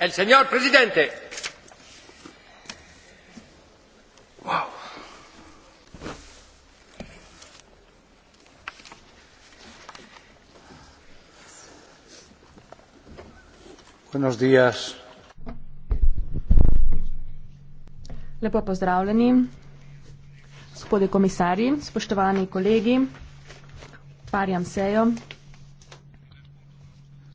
el señor presidente. Wow. Buenos días. Lepo pozdravljeni, gospodje komisarji, spoštovani kolegi, parjam sejo.